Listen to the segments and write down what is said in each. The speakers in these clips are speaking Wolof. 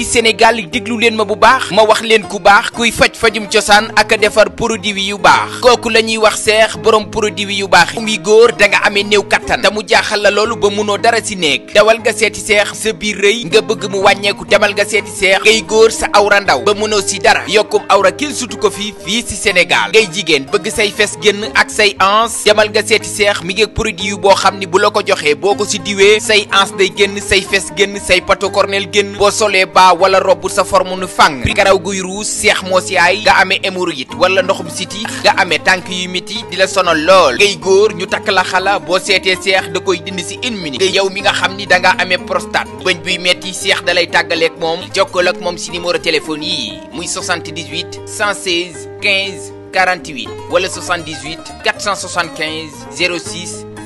mbokki Sénégal déglu leen ma bu baax ma wax leen ku baax kuy faj fajum cosaan ak a defar produit yu baax kooku la ñuy wax seex borom produit yu baax muy góor da nga amee néew kattan te mu jaaxal la loolu ba mënoo dara si néeg dawal nga seeti seex sa biir rëy nga bëgg mu wàññeeku demal nga seeti seex ngay góor sa awra ndaw ba mënoo si dara yokkum awra kenn sutu ko fii fii si Sénégal ngay jigéen bëgg say fes génn ak say ans demal nga seeti seex mi ngi produit yu boo xam ni bu la ko joxee boo ko say ans day génn say fes génn blanc wala rob bu sa forme nu fàng karaw guy ruus seex moo si aay nga amee hémorroïde wala ndoxum siti nga amee tànk yu miti di la sonal lool ngay góor ñu takk la xalaa boo seetee seex da koy dind si une minute yow mi nga xam ni da ngaa amee prostate bëñ buy metti seex da lay tàggaleeg moom jokkal ak moom si numéro téléphone yii muy 78 116 15 48 wala 78 475 06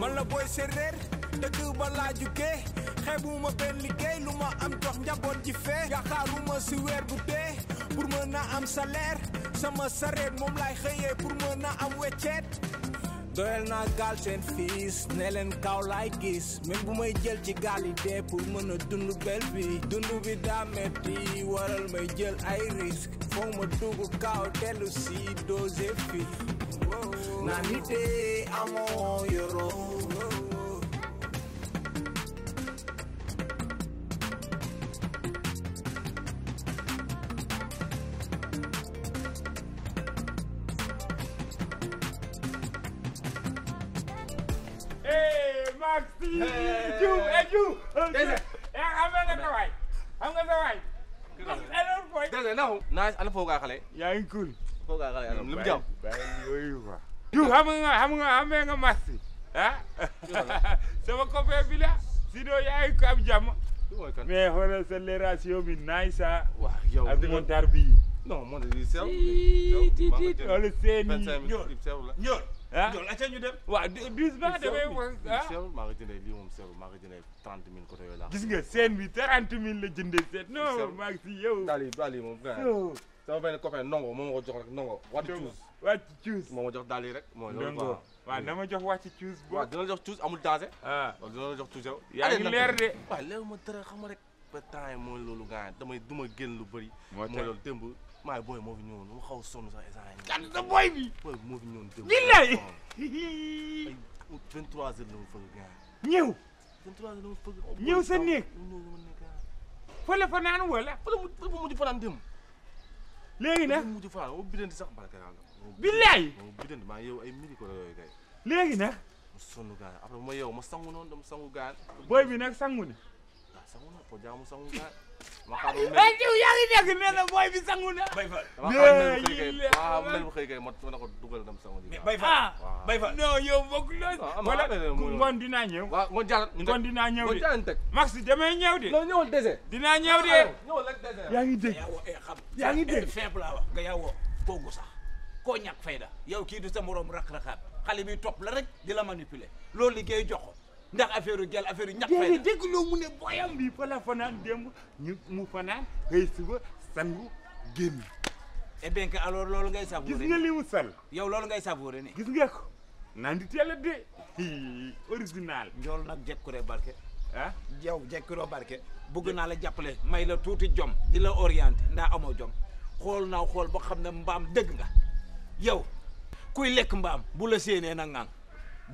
man la booy séeréer dëkk ba laa jugee xeebuma benn liggéey lu ma am jox njaboot ji fee yaakaaruma si weer bu pour mën a am salaire sama sareet moom laay xëyee pour mën a am wecceet doyal naa gaal seen fiis ne leen kaw laay gis même bu may jël ci gaal yi dee pour mën a dund bel bi dund bi daa metti waral may jël ay risque foog ma dugg kaaw dellu si dose fi na me amo yoro. Hey, Maxi! Hey. You and Yeah, I'm gonna go right. I'm gonna go right. That's no Nice, I'm gonna go right. Yeah, I'm cool. I'm gonna go right. Let me go. tu xam nga xam nga xamee nga Massi ah sama copain bi la sinon yaay ko am jàmm. mais xoolal sa bi naay ah. sa. waaw yow ak montar bi. non moom dañuy sew. tii tii tii loolu seen ñool ah. ñu dem. waaw dix ba demee ah. maa ngi jëndee lii moom sew maa ngi jëndee trente mille côté yooyu gis nga seen bi trente mille la jëndee seet. non si yow. daal yi daal yi moom. sama nongo moom ko jox rek nongo. wàllu waa cuus moo ma jox daal moo loolu ma jox wàcc cuus boo waaw dina la jox cuus amul danger ah dina la jox cuus yow yaa ngi leer rek ba temps mooy loolu gars damay du ma génn lu bëri moo loolu démb maay booy moo fi ñëwoon mu xaw sonn sax instant kan sa booy bi booy bi moo fi ñëwoon démb billaay vingt trois heures la ma fëgg nekk fa la fanaan wala fa la mu mujj fanaan démb léegi nag mujj faa woo bidanti sax barke naa la billaay bidanti maa yow ay midi ko yooyu kay léegi nag mu sonn gaan après bu ma yow ma sangu noonu dama sangu gaan booy bi nag sangu ni ah, sangu na ko jaamu sangu gaan mais jiw yaa ngi dégg nee na booy bi sangu bay fa waaw mel bu xëy kay ma ma ne ko dugal dem sangu ji. bay fa ah. bay fa non yow bokk na. Ah, wala ngoon dinaa ñëw. max demee ñëw de. non ñëwal dese. dinaa ñëw ah, eh, eh, wax nga yaa woo toogu sax koo ñàkk fayda yow kii du sa morom rak rakaat la rek di la manipuler loolu liggéey jox ndax affaire gel affaire ñàkk fay la dégg loo mu ne booyam bi fa la fanaan démb ñu mu fanaan xëy suba sangu génn. eh bien que alors loolu ngay savouré gis nga li yow loolu ngay savouré ne gis nga ko naan di teel a de original njool nag jekkure barke ah yow jekkuro barke bëgg naa la jàppale may la tuuti jom di la orienté ndaa amoo jom xool naa xool boo xam na mbaam dëgg nga yow kuy lekk mbaam bu la séenee na ngaan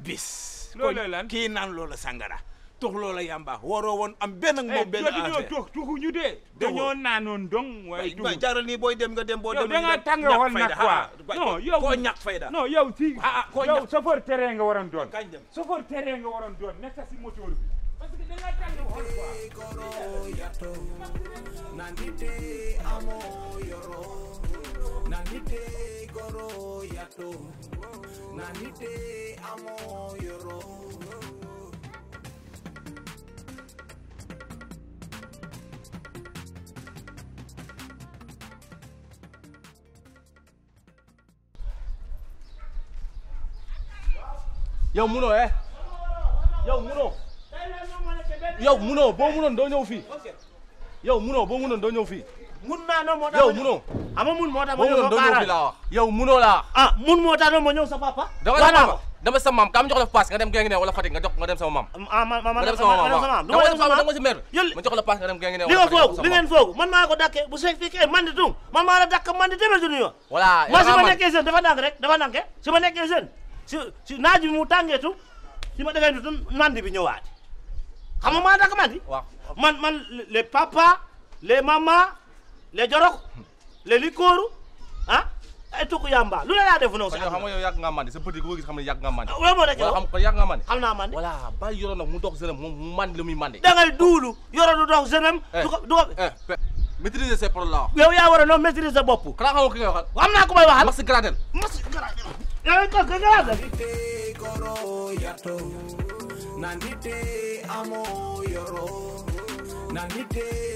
bis. looloo lan kii naan loola sangara. tux loola yamba waroo woon am benn ak eh, moom benn affaire tux tuxu ñu dee. dañoo naanoon dong waaye tuxu jaaral nii booy dem nga dem boo da nga tàng xool nag quoi non yow koo ñàkk fayda. non yow si a chauffeur terrain nga waroon doon. kañ dem chauffeur terrain nga waroon doon nekk si moteur bi. parce nanite goro yato nanite amo yoro yow munoo eh Yo Muno. Yo Muno, boo Muno, doo ñëw fii yow munoo boo munoon doo ñëw fii mun no mona. yow munoo ama mun moo tax ma ñëw sa baara yow munoo laa ah mun moo tax ma ñëw sa papa dama sa papa dama sa sama mam ah mama mama. ma dem sama mam dama dem sama dama si mer ma jox la pass nga dem gengene wala di tung man maa la dakk man di demel du Mama voilà ma ya si ma nekkee jeune dafa nank rek dafa nanke si ma nekkee jeune si si naaj bi si ma defee tu nandi bi ñëwaat xam nga maa dakk man di les papa les mama les jorok léegi kóoru ah ay tukku yamba lu la laa def noonu. si xam nga yow yàgg nga mandi sa petit ko gis xam ne yàgg nga mandi. wala moo nekk yow xam yàgg nga mandi. xam naa mandi voilà bàyyi yoro nag mu dox jeunesse moom mu mandi la muy mandi. da ngay duulu yoro du dox jeunesse. Eh, du ko du ko. Eh, maîtriser ses paroles la yow yaa war a noonu maîtriser sa bopp. xanaa xamoo ki nga waxal. am naa ku may waxal. Max Gradel. Max Gradel. yow it ko Gradel. naan nit yi amoo yoro naan nit yi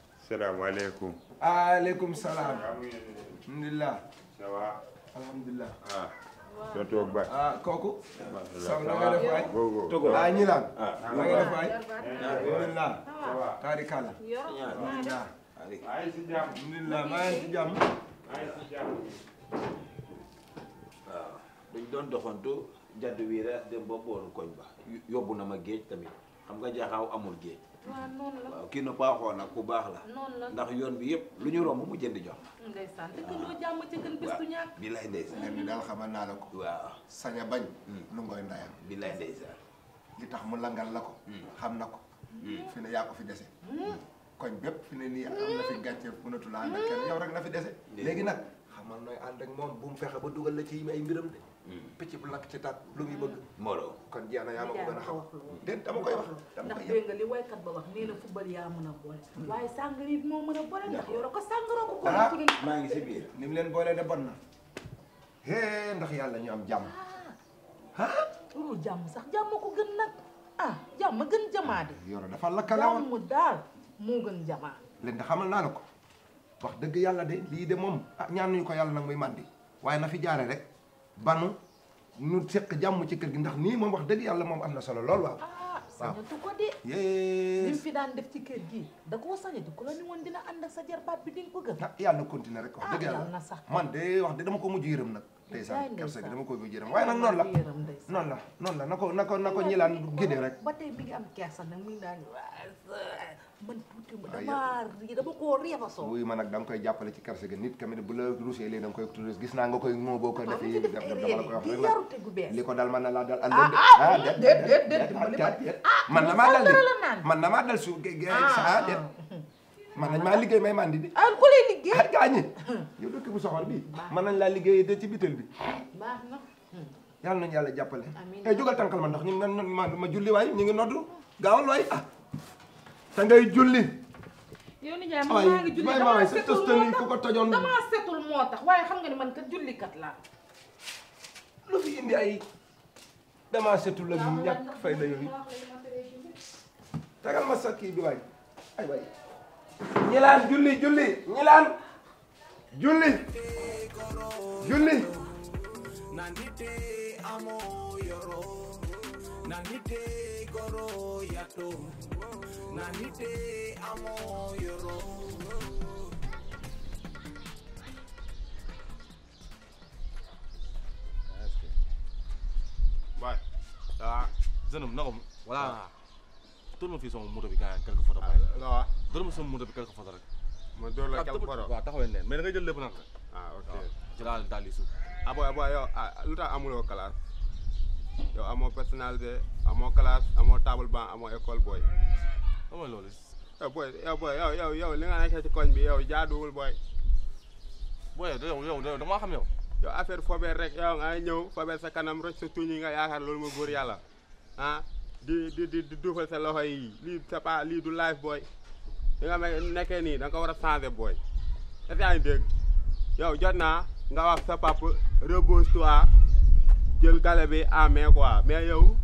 Assalamu alaikum. Alaikum salam. Alhamdulillah. Ça va? Alhamdulillah. Ah. Doo toog ba. Ah kooku. Sam na nga def waay. Togo. Ah ñi lan. Na nga def waay. Alhamdulillah. Ça va. Tarikala. Alhamdulillah. Maa ngi si jàmm. Alhamdulillah maa ngi si jàmm. Maa ngi si jàmm. Waaw. Ah, dañ doon doxantu jàdd wiira dem ba booru koñ ba. Yóbbu na ma géej tamit. Xam nga jaxaaw amul géej. waaw kii nu baaxoo nag ku baax la ndax yoon bi yëpp lu ñu romb mu jënd jox la ndeysaan ah. dëkkandoo jàmm ci gën bis du ñàkk bi lay ndeysaan len ni daal xamal la ko waaw sañ bañ hmm. lu ngoy ndayam bi lay ndeysaan li tax mu langal la ko hmm. xam na ko hmm. fi ne yaa ko fi dese koñ bépp fi ne nii am na fi gàcce mënatu laa ànd ak kenn yow rek na fi dese léegi nag xamal nooy ànd ak moom bu mu fexe ba dugal la ci ay mbiram de. Hmm. picc bu lakk ci taat lu muy bëgg. Mawlo hmm. kon Diana yaa ma ko gën a xam. déet koy wax ndax dégg nga li waykat ba wax nee na yaa a boole. Hmm. waaye moo mën a boole ndax yoroo ko sàngara ko. ah maa ngi si biir mu leen boole de bon yàlla ñu am jàmm. ah, ah? jàmm sax jàmm ko gën nag ah jàmm gën jamaade. yoroo dafa lakkale woon jàmm daal moo gën jamaa. leen de xamal naa la ko. wax deug yalla de li de moom ah, ñaan ñaanuñu ko yalla nak muy mandi waye na fi jaare rek banu ñu seq jàmm ci kër gi ndax ni moom wax deug yalla moom am na solo lool waaw. Ah, waaw sañatu ko di li mu fi daan def ci kër gi da koo sañatu ko la ni won dina and ak sa jarbaat bi di nga bëgg. ah yalla continue rek wax deug ah, yalla man de wax de dama ko mujj yërëm nag. ndeysaan kersa gi dama ko muju yërëm waye nak non la. non la non la nako nako nako ñilan rek. ba tay mi ngi am kersa nak mi daan man tuuti ma ah, ya. dama iya, ri dama koo ree façon wuy ma nag da nga koy jàppale ci kerse gi nit kamit bu la rusee léegi da nga koy tuuti gis naa nga koy moo boo ko defee dama la koy wax rek yarute dal man na dal ah, ah ah déet déet déet man na maa dal de man na maa dal su ah déet man nañ maa liggéey may mandi de ah ku lay liggéey ah gaañi yow dëkk bu soxor bi man nañ laa liggéey de ci bitel bi baax na yàlla nañ yàlla jàppale eh jógal tànkal ndax ñu man ma julli waay ñu ngi noddu gaawal waay ah te ngay julli. yow nijaay man maa ngi julli damaa setul damaa setul moo tax waaye xam nga ni man kat jullikat laa. lu fi indi ay damaa setul la ñu ñàkk fay tagal ma sa kii bi waay ay waay ñilaan julli julli ñilaan julli julli. nanite goro yato nanite amo yoro waaye ah zënëm na ko voilà tur ma fii sama moto bi gaañ quelque photo ba waaw door ma sama moto bi quelque photo rek ma door la quelque photo waaw taxawee ne mais da ngay jël lépp nag ah ok ci daal daal di suuf ah boy boy yow ah lu tax amuloo kalaas yow amoo personnalité amoo classe amoo table banc amoo école booy. amoo loolu. booy yow yow li nga nekkee ci koñ bi yow jaaduwul booy. booy yow yow yow damaa xam yow. yow affaire fobeer rek yow nga ñëw fobeer sa kanam rek sa tuñ nga yaakaar loolu mooy góor yàlla ah, di di di lii du life boy li nga nekkee nii da nga war a changer booy. est-ce que yaa ngi dégg yow nga wax sa papa jël galé bi en main quoi mais yow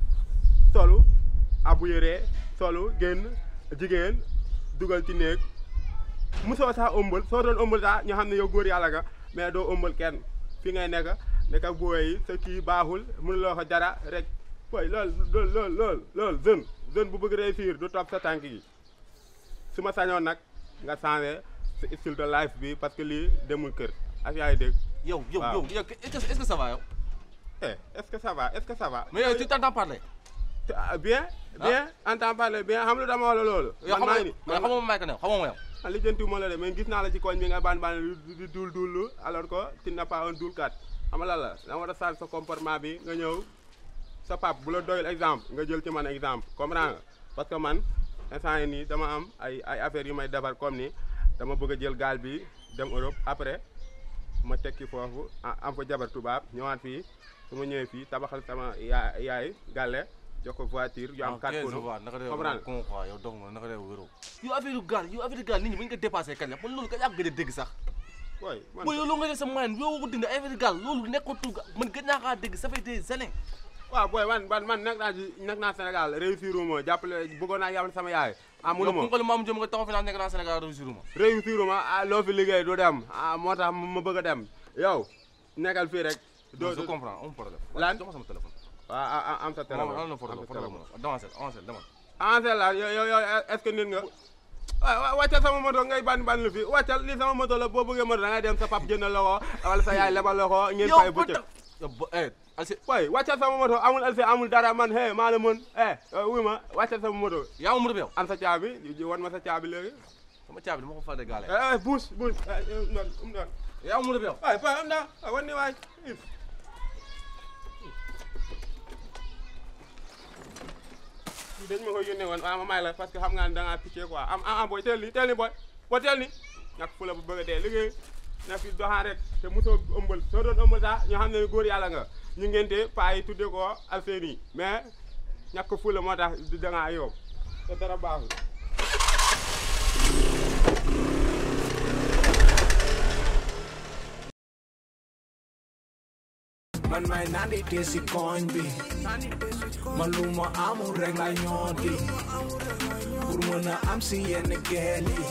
tolu abuyéré tolu génn jigéen dugal ci néeg muso sa ombal so doon ombal sax ñu xamné yow goor yalla nga mais do ombal kenn fi ngay nekk ak boy yi sa ki baaxul mënu mënuloo ko dara rek boy lol lol lol lol lol jeune jeune bu bëgg réussir du top sa tank yi suma ma sañoon nag nga changé style de life bi parce que li demul kër ak yaay dégg yow yow yow est-ce que ça va yow eh est-ce que ça va que ça va. mais yow tu t'entends parler. Ah, bien. bien ah. entends parler bien xam lu dama wala loolu. man maa ngi man xamuma may ko ne xamuma yow. ah lijjantiwuma la de mais gis naa la ci koñ bi nga baan baan di dul dul alors que tu n'es pas un dulkat xam nga la da war a sal sa comportement bi nga ñëw sa pap bu la doyul exemple nga jël ci man exemple comprends nga parce que man instant yii nii dama am ay ay affaires yu may defar ni dama bëgg a jël gaal bi dem Europe après ma tekki foofu fii. su ma ñëwee fii tabaxal sama yaay yaay gàlle jox ko voiture yu am ah, quatre pneus comprendre yow dog ma naka lay wéroo yow affaire gaal yow affaire gaal nit ñi bañ ko dépassé kañ la man loolu kañ laa gën a dégg sax boy yow nga def sa moyen yow ko dindi affaire gaal loolu nekkatul man gën naa kaa naa nekk naa Sénégal réussir jàppale bëggoon naa yàppale sama yaay ah mënu ma yow maam jëm nga taxaw fi naan nekk naa Sénégal réussir uma réussir uma ah loo fi liggéey du dem ah moo ma bëgg a dem yow nekkal fii rek doo je comprends amul problème. lan jox ma sama téléphone. waaw ah, ah, ah, am sa téléphone am na problème problème avancé avancé dama. avancé la yow yow est-ce que nit nga. waaw wàccal sama moto ngay bànn bànn lu fi wàccal lii sama moto la boo bëggee moto da ngay dem sa pap jëndal la ko wala sa yaay lebal la ko ngeen fay bëccëg. yow ba eh alsi. waaye wàccal sama moto amul alsi amul dara man eh maa la mën eh, eh wuy ma wàccal sama moto. yaa ma moto bi yow. am sa caabi wan ma sa caabi léegi. sama caabi dama ko fa de gaale. Eh, eh buus buus. Eh, um um yaa ma moto bi yow. waaye pa am naa wan ni waay. dañ ma koy yónnee woon waaw ma may parce que xam nga ne da ngaa piqué quoi am ah ah booy teel ni teel ni booy boo teel ni nag fu la bu a dee liggéey na fi doxaan rek te mosoo ëmbal soo doon ëmbal sax ñoo xam ne góor yàlla nga ñu ngente paa yi tuddee ko Alfayda mais ñàkk fu la moo tax da ngaa yow te dara baaxul. man may nandite si koñ maluma amu lu nyodi, amul amsi la ñooti pour mën a am si yenn geel yi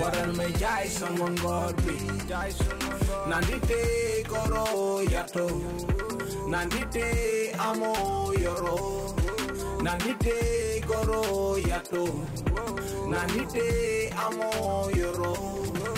waral may jaay sama nandite goro yato nandite amo yoro nandite goro yato nandite amo yoro